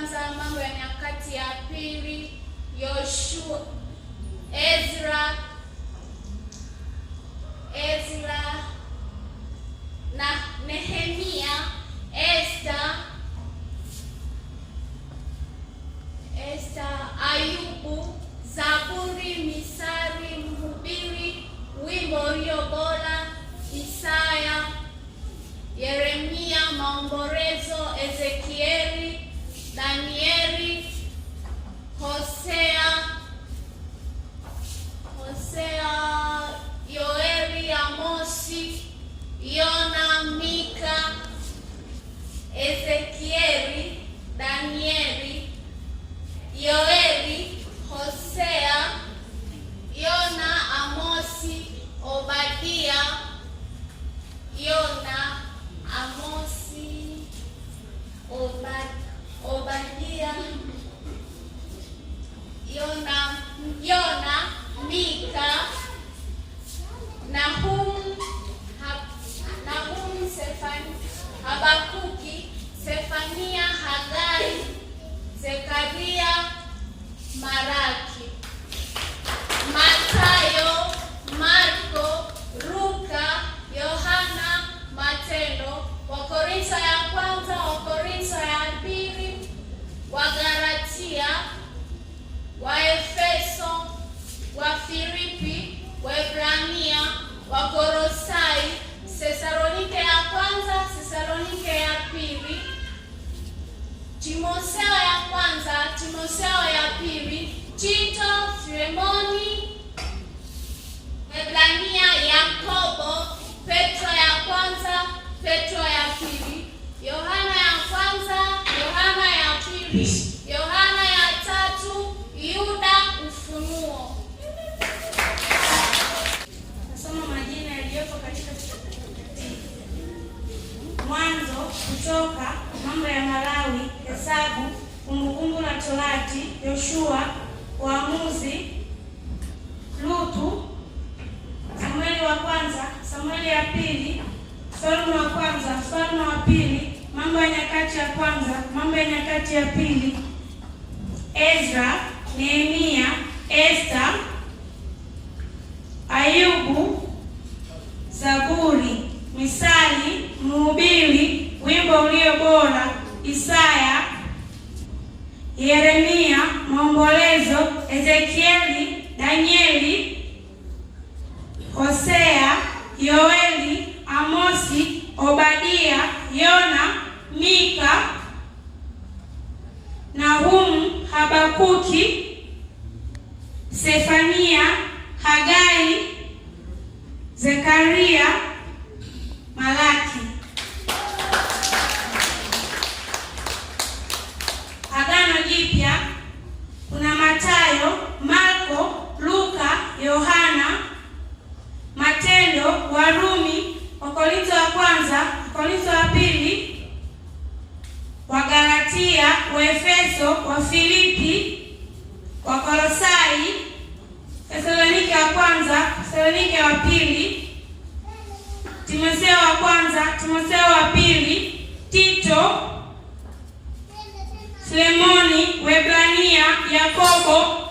kwanza Mambo ya Nyakati ya pili Yoshua, Ezra, Ezra na Nehemia, Esta, Esta, Ayubu, Zaburi, Misari, Mhubiri, wimbo ulio bora, Isaya, Yeremia, maomborezo Ezekieli 当年。Maraki, Mathayo, Marko, Luka, Yohana, Matendo, Wakorintho ya kwanza, Wakorintho ya pili, Wagalatia, Waefeso, Wafilipi, Waebrania, Wakoro Kutoka, Mambo ya Malawi, Hesabu, Kumbukumbu na Torati, Yoshua, Waamuzi, Lutu, Samueli wa kwanza, Samueli ya pili, Falme wa kwanza, Falme wa pili, Mambo ya Nyakati ya kwanza, Mambo ya Nyakati ya pili, Ezra, Nehemia, Esther Isaya, Yeremia, Maombolezo, Ezekieli, Danieli, Hosea, Yoeli Warumi, Waebrania, Yakobo,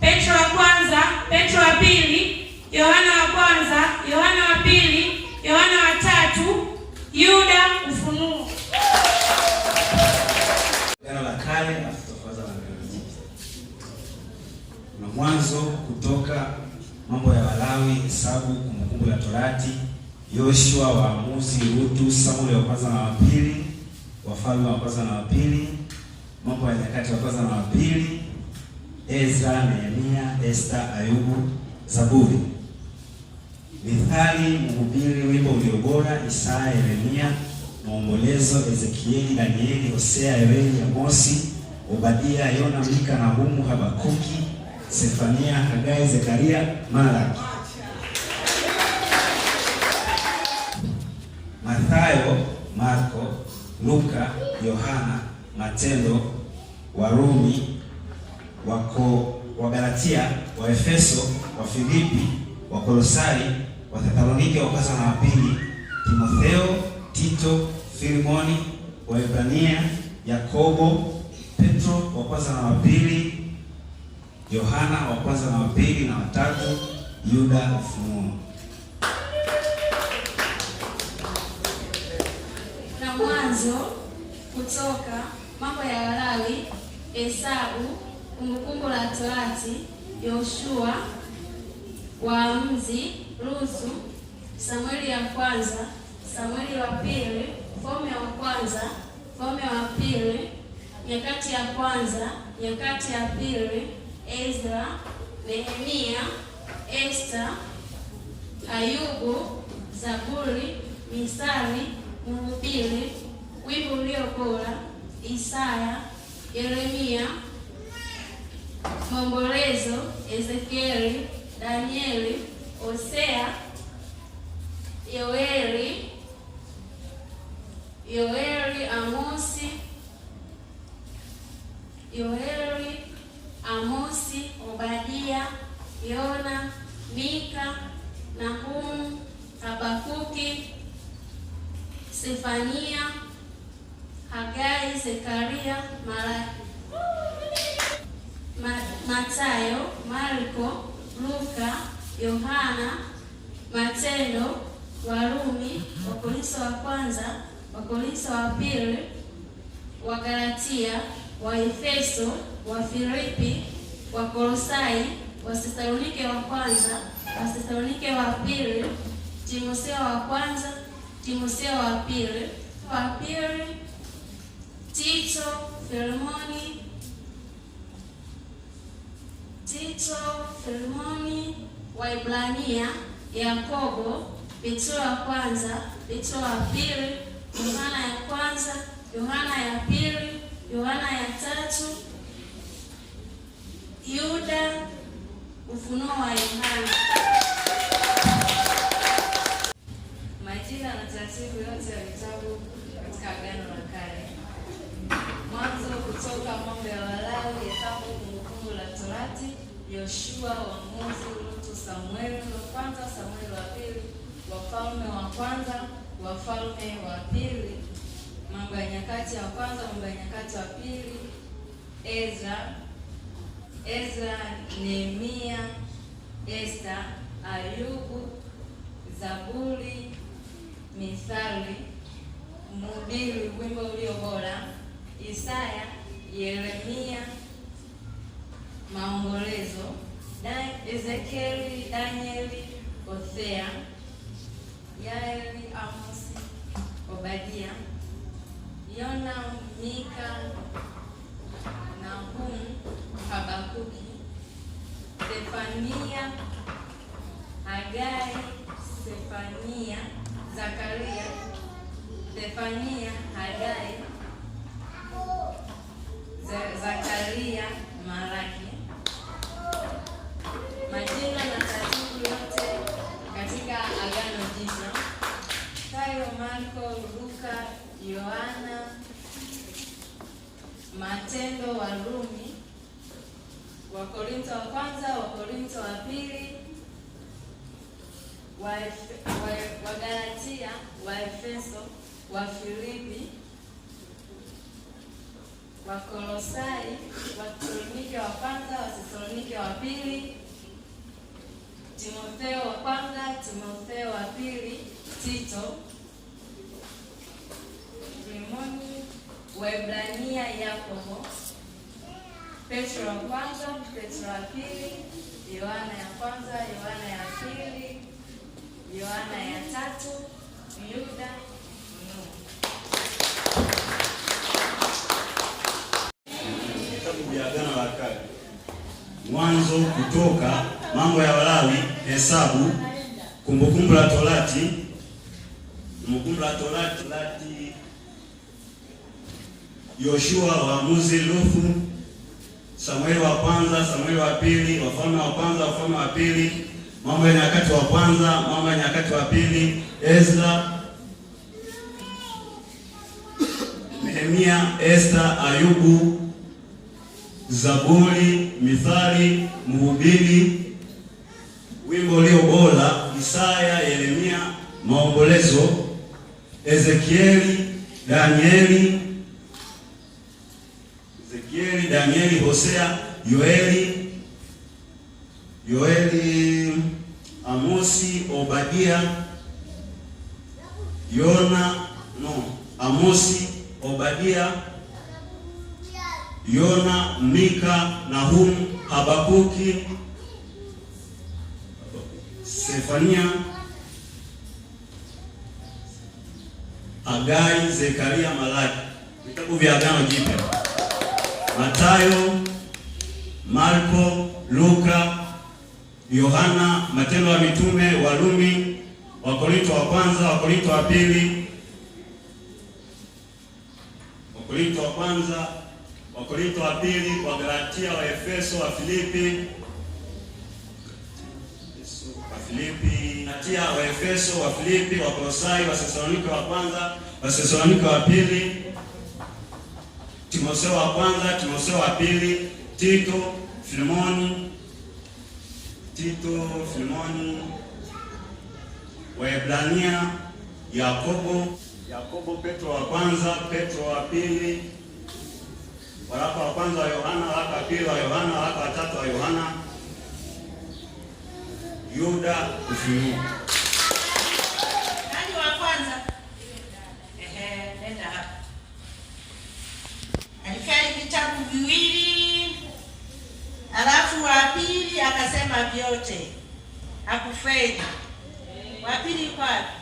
Petro wa kwanza, Petro wa pili, Yohana wa kwanza, Yohana wa pili, Yohana wa tatu, Yuda, Ufunuo. Agano la Kale na Mwanzo, Kutoka, Mambo ya Walawi, Hesabu, Kumbukumbu la Torati, Yoshua, Waamuzi, Rutu, Samueli wa kwanza na wa pili, Wafalme wa kwanza na wa pili Mambo ya Nyakati wa Kwanza na wa Pili, Ezra, Nehemia, Esta, Ayubu, Zaburi, Mithali, Mhubiri, wimbo ulio bora, Isaya, Yeremia, Maombolezo, Ezekieli, Danieli, Hosea, Yoeli, Amosi, Obadia, Yona, Mika, Nahumu, Habakuki, Sefania, Hagai, Zekaria, Malaki. Mathayo, Marko, Luka, Yohana Matendo, Warumi, wako Wagalatia, Waefeso, Wafilipi, Wakolosai, Wathesalonike wa kwanza na wa pili, Timotheo, Tito, Filimoni, Waebrania, Yakobo, Petro wa kwanza na wa pili, Yohana wa kwanza na wa pili na watatu, Yuda Ufunuo. Na Mwanzo, Kutoka Mambo ya Walawi, Hesabu, Kumbukumbu la Torati, Yoshua, Waamuzi, Ruthu, Samueli ya kwanza, Samueli wa pili, Falme wa kwanza, Falme wa pili, Nyakati ya kwanza, Nyakati ya pili, Ezra, Nehemia, Esta, Ayubu, Zaburi, Misali, Mhubiri, Wimbo ulio bora Isaya, Yeremia, Maombolezo, Ezekieli, Danieli, Hosea, Yoeli, Yoeli, Amosi, Yoeli, Amosi, Obadia, Yona, Mika, Nahumu, Habakuki, Sefania Hagai, Zekaria, Malaki, matayo Marko, Luka, Yohana, Matendo, Warumi, Wakorintho wa kwanza, Wakorintho wa pili, Wagalatia, Waefeso, Wafilipi, Wakolosai, Wathesalonike wa kwanza, Wathesalonike wa pili, Timotheo wa kwanza, Timotheo wa pili, wa pili Tito, Filmoni, Tito, Filmoni, Waibrania, Yakobo, Petro ya kwanza, Petro ya pili, Yohana ya kwanza, Yohana ya pili, Yohana ya tatu, Yuda Mfalme wa Pili, Mambo ya Nyakati ya Kwanza, Mambo ya Nyakati wa Pili, Ezra, Ezra, Nehemia, Esta, Ayubu, Zaburi, Mithali, Mhubiri, Wimbo Ulio Bora, Isaya, Yeremia, Maombolezo, Ezekieli, Danieli, Hosea yaeli Amos Obadia, Yona Mika, Nahum Habakuki, Stefania Hagai, Stefania Zakaria, Stefania Hagai Waefeso, Wafilipi, Wakolosai, Watesalonike wa kwanza, Watesalonike wa pili, Timotheo wa kwanza, Timotheo wa pili, Tito, Timoni, Waebrania, Yakobo, Petro wa kwanza, Petro wa pili, Yohana ya kwanza, Yohana ya pili, Yohana ya tatu Yuda Mwanzo, Kutoka, Mambo ya Walawi, Hesabu, Kumbukumbu la Torati, Kumbukumbu la Torati, Yoshua, Waamuzi, lufu Samueli wa kwanza, Samueli wa pili, Wafalme wa kwanza, Wafalme wa pili Mambo ya Nyakati wa Kwanza, Mambo ya Nyakati wa Pili, Ezra, Nehemia, Esta, Ayubu, Zaburi, Mithali, Mhubiri, Wimbo Ulio Bora, Isaya, Yeremia, Maombolezo, Ezekieli, Danieli, Ezekieli, Danieli, Hosea, Yoeli, Yoeli Amosi, Obadia, Yona, no, Amosi, Obadia, Yona, Mika, Nahum, Habakuki, Sefania, Agai, Zekaria, Malaki. Vitabu vya Agano Jipya. Mathayo, Marko, Luka, Yohana, Matendo ya Mitume, Warumi, Wakorinto wa kwanza, Wakorinto wa pili, Wakorinto wa kwanza, Wakorinto wa pili, Wagalatia, Waefeso, Wafilipi, Wafilipi, Galatia, Waefeso, Wafilipi, Wakolosai, Wathesalonike wa kwanza, Wathesalonike wa pili, Timotheo wa kwanza, Timotheo wa pili, Tito, Filemoni Tito, Simoni, Waebrania, Yakobo, Yakobo, Petro wa kwanza, Petro wa pili, waraka wa kwanza wa Yohana, waraka wa pili wa Yohana, waraka wa tatu wa Yohana, Yuda Ufunuo. Nani vitabu viwili, alafu wapi vyema vyote, hakufeli. Wa pili yuko wapi?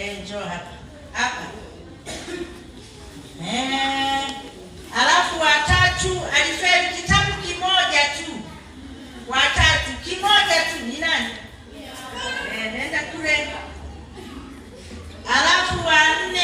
Eh, njoo hapa hapa. Eh, alafu watatu alifeli kitabu kimoja tu. Watatu kimoja tu ni nani? Eh, nenda kule. Alafu wa nne